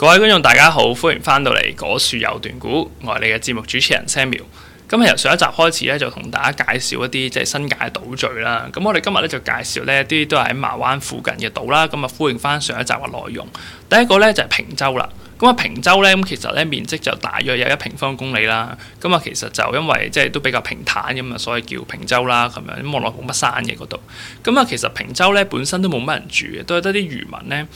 各位觀眾，大家好，歡迎翻到嚟《果樹有段古》。我係你嘅節目主持人 Samuel。今日由上一集開始咧，就同大家介紹一啲即係新界嘅島嶼啦。咁我哋今日咧就介紹呢一啲都係喺馬灣附近嘅島啦。咁啊，呼應翻上一集嘅內容。第一個咧就係坪洲啦。咁啊，坪洲咧咁其實咧面積就大約有一平方公里啦。咁啊，其實就因為即係都比較平坦，咁啊所以叫坪洲啦咁樣。咁望落冇乜山嘅嗰度。咁啊，其實坪洲咧本身都冇乜人住嘅，都係得啲漁民咧。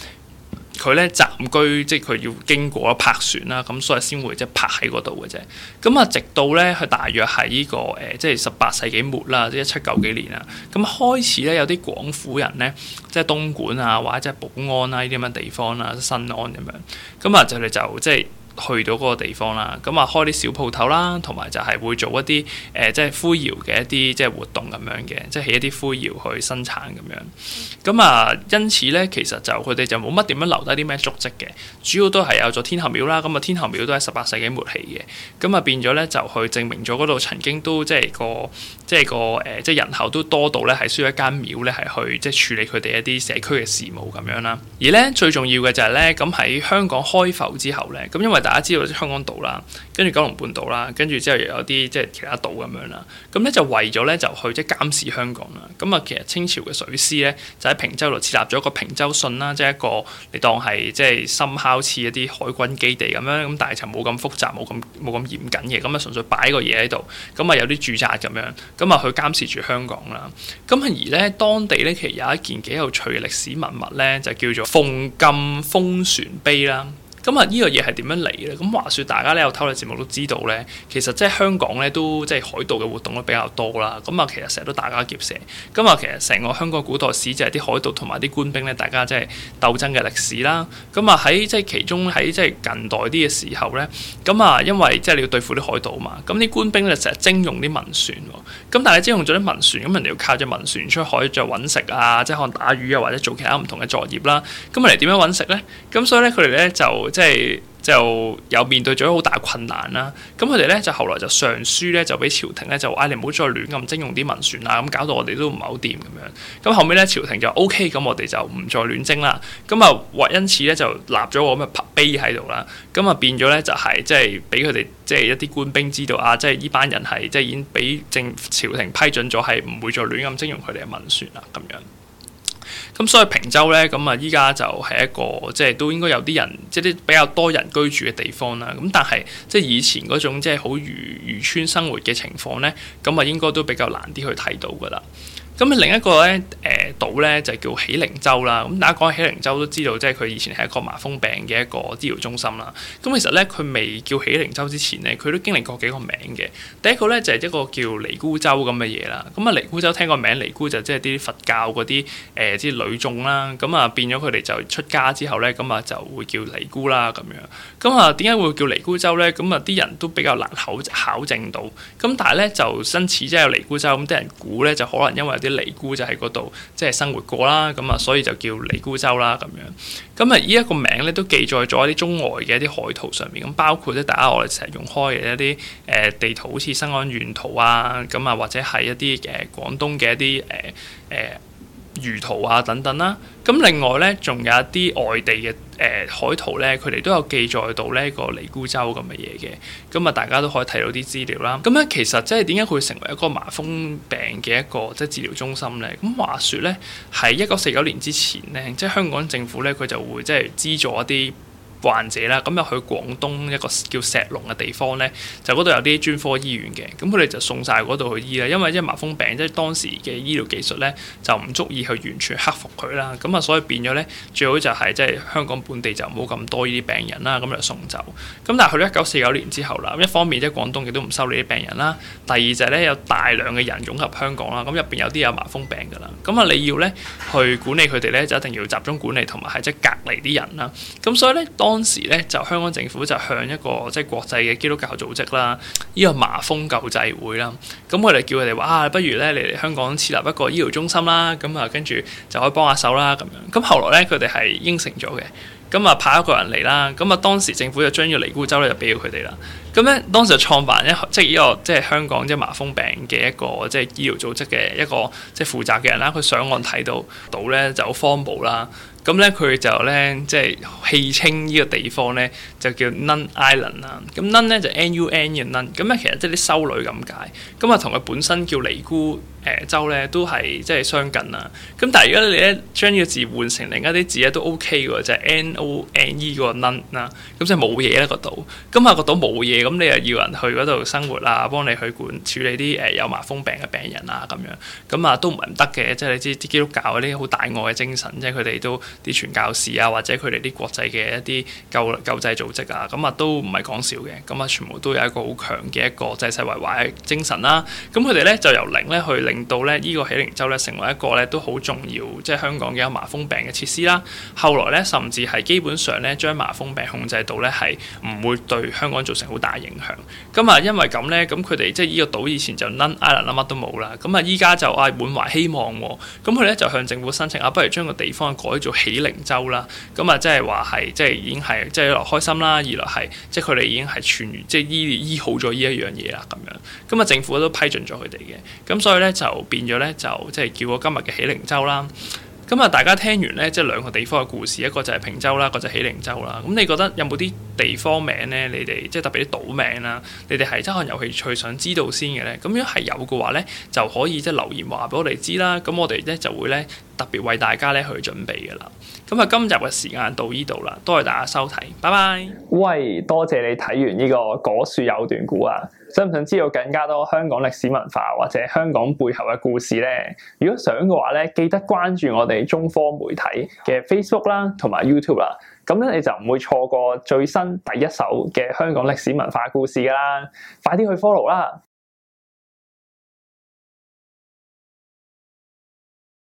佢咧暫居，即係佢要經過啦拍船啦，咁所以先會即係拍喺嗰度嘅啫。咁啊，直到咧佢大約喺呢、呢個誒、呃，即係十八世紀末啦，即係一七九幾年啦。咁開始咧有啲廣府人咧，即係東莞啊，或者即係寶安啊呢啲咁嘅地方啦、啊、新安咁樣。咁啊，就佢哋就即係。去到嗰個地方啦，咁啊，開啲小鋪頭啦，同埋就係會做一啲誒、呃、即係灰窯嘅一啲即係活動咁樣嘅，即係起一啲灰窯去生產咁樣，咁啊，因此咧，其實就佢哋就冇乜點樣留低啲咩足跡嘅，主要都係有咗天后廟啦。咁啊，天后廟都喺十八世紀末起嘅，咁啊變咗咧就去證明咗嗰度曾經都即係個即係個誒、呃、即係人口都多到咧係需要一間廟咧係去即係處理佢哋一啲社區嘅事務咁樣啦。而咧最重要嘅就係咧，咁喺香港開埠之後咧，咁因為大家知道香港島啦，跟住九龍半島啦，跟住之後又有啲即係其他島咁樣啦。咁咧就為咗咧就去即係監視香港啦。咁啊，其實清朝嘅水師咧就喺平洲度設立咗一個平洲汛啦，即係一個你當係即係深烤似一啲海軍基地咁樣。咁但係就冇咁複雜，冇咁冇咁嚴謹嘅。咁啊，純粹擺個嘢喺度。咁啊，有啲駐紮咁樣。咁啊，去監視住香港啦。咁而咧當地咧其實有一件幾有趣嘅歷史文物咧，就叫做奉禁封船碑啦。咁啊，個樣呢個嘢係點樣嚟嘅？咁話説，大家咧有偷你節目都知道咧，其實即係香港咧都即係海盜嘅活動都比較多啦。咁啊，其實成日都打家劫舍。咁啊，其實成個香港古代史就係啲海盜同埋啲官兵咧，大家即係鬥爭嘅歷史啦。咁啊，喺即係其中喺即係近代啲嘅時候咧，咁啊，因為即係你要對付啲海盜嘛，咁啲官兵咧成日徵用啲民船。咁但係徵用咗啲民船，咁人哋要靠住民船出海再揾食啊，即係可能打魚啊，或者做其他唔同嘅作業啦，啊。咁佢哋點樣揾食咧？咁所以咧，佢哋咧就即係就有面對咗好大困難啦，咁佢哋咧就後來就上書咧就俾朝廷咧就嗌、哎、你唔好再亂咁徵用啲民船啦，咁搞到我哋都唔係好掂咁樣。咁後尾咧朝廷就 O K，咁我哋就唔再亂徵啦。咁啊或因此咧就立咗個咁嘅碑喺度啦。咁啊變咗咧就係、是、即係俾佢哋即係一啲官兵知道啊，即係呢班人係即係已經俾政朝廷批准咗，係唔會再亂咁徵用佢哋嘅民船啦咁樣。咁所以平洲咧，咁啊依家就係一個即係都應該有啲人，即係啲比較多人居住嘅地方啦。咁但係即係以前嗰種即係好漁漁村生活嘅情況咧，咁啊應該都比較難啲去睇到㗎喇。咁另一個咧，誒島咧就叫喜靈洲啦。咁大家講起喜靈洲都知道，即係佢以前係一個麻風病嘅一個治療中心啦。咁其實咧，佢未叫喜靈洲之前咧，佢都經歷過幾個名嘅。第一個咧就係一個叫尼姑洲咁嘅嘢啦。咁啊，尼姑洲聽個名，尼姑就即係啲佛教嗰啲誒，即係女眾啦。咁啊，變咗佢哋就出家之後咧，咁啊就會叫尼姑啦咁樣。咁啊，點解會叫尼姑洲咧？咁啊，啲人都比較難考考證到。咁但係咧，就新似即係有尼姑洲咁，啲人估咧就可能因為。啲尼姑就喺嗰度即係生活過啦，咁啊，所以就叫尼姑洲啦咁、啊、樣。咁啊，依、這、一個名咧都記載咗一啲中外嘅一啲海圖上面，咁包括即係、啊、大家我哋成日用開嘅一啲誒、呃、地圖，好似新安縣圖啊，咁啊，或者係一啲誒、呃、廣東嘅一啲誒誒。呃呃如圖啊等等啦、啊，咁另外咧，仲有一啲外地嘅誒、呃、海圖咧，佢哋都有記載到呢個尼姑洲咁嘅嘢嘅，咁啊大家都可以睇到啲資料啦。咁、嗯、咧其實即係點解佢會成為一個麻風病嘅一個即係、就是、治療中心咧？咁話說咧，喺一九四九年之前咧，即、就、係、是、香港政府咧，佢就會即係資助一啲。患者啦，咁又去廣東一個叫石龍嘅地方咧，就嗰度有啲專科醫院嘅，咁佢哋就送晒嗰度去醫啦。因為即係麻風病，即係當時嘅醫療技術咧，就唔足以去完全克服佢啦。咁啊，所以變咗咧，最好就係即係香港本地就唔好咁多呢啲病人啦，咁就送走。咁但係去到一九四九年之後啦，一方面即係廣東亦都唔收你啲病人啦，第二就係咧有大量嘅人湧入香港啦，咁入邊有啲有麻風病噶啦。咁啊，你要咧去管理佢哋咧，就一定要集中管理同埋係即係隔離啲人啦。咁所以咧當當時咧就香港政府就向一個即係國際嘅基督教組織啦，呢個麻風救濟會啦，咁佢哋叫佢哋話啊，不如咧你嚟香港設立一個醫療中心啦，咁啊跟住就可以幫下手啦咁樣。咁後來咧佢哋係應承咗嘅，咁啊派一個人嚟啦，咁啊當時政府就將呢個尼姑洲咧就俾咗佢哋啦。咁咧當時創辦一即係呢個即係香港即係麻風病嘅一個即係醫療組織嘅一個即係負責嘅人啦，佢上岸睇到島咧就好荒蕪啦。咁咧佢就咧即係戲稱呢個地方咧就叫 Nun Island 啦。咁 nun 咧就 n-u-n 嘅 nun。咁咧其實即係啲修女咁解。咁啊同佢本身叫尼姑誒、呃、州咧都係即係相近啦。咁但係如果你咧將呢個字換成另一啲字咧都 OK 嘅，就係、是、n-o-n-e 嗰個 nun 啦。咁即係冇嘢啦個島。咁、那、啊個島冇嘢，咁你又要人去嗰度生活啊，幫你去管處理啲誒有麻風病嘅病人啊咁樣。咁啊都唔係唔得嘅，即係你知啲基督教嗰啲好大愛嘅精神即係，佢哋都。啲傳教士啊，或者佢哋啲國際嘅一啲救救濟組織啊，咁啊都唔係講笑嘅，咁啊全部都有一個好強嘅一個濟世為懷嘅精神啦、啊。咁佢哋咧就由零咧去令到咧呢、這個喜靈洲咧成為一個咧都好重要，即係香港嘅麻風病嘅設施啦。後來咧甚至係基本上咧將麻風病控制到咧係唔會對香港造成好大影響。咁啊因為咁咧，咁佢哋即係呢個島以前就撚挨啦，乜都冇啦。咁啊依家就啊滿懷希望喎、啊。咁佢咧就向政府申請啊，不如將個地方改做。喜靈洲啦，咁啊，即係話係，即係已經係，即係一嚟開心啦，二嚟係，即係佢哋已經係痊愈，即係醫醫好咗呢一樣嘢啦，咁樣，咁啊，政府都批准咗佢哋嘅。咁所以咧就變咗咧就即係叫我今日嘅喜靈洲啦。咁啊，大家聽完咧，即係兩個地方嘅故事，一個就係平洲啦，一個就係喜靈洲啦。咁你覺得有冇啲地方名咧？你哋即係特別啲島名啦，你哋係真係可能有興趣想知道先嘅咧。咁樣係有嘅話咧，就可以即係留言話俾我哋知啦。咁我哋咧就會咧特別為大家咧去準備㗎啦。咁啊，今集嘅時間到呢度啦，多謝大家收睇，拜拜。喂，多謝你睇完呢個果樹有段故啊！想唔想知道更加多香港歷史文化或者香港背後嘅故事咧？如果想嘅話咧，記得關注我哋中科媒體嘅 Facebook 啦，同埋 YouTube 啦。咁咧你就唔會錯過最新第一手嘅香港歷史文化故事噶啦。快啲去 follow 啦！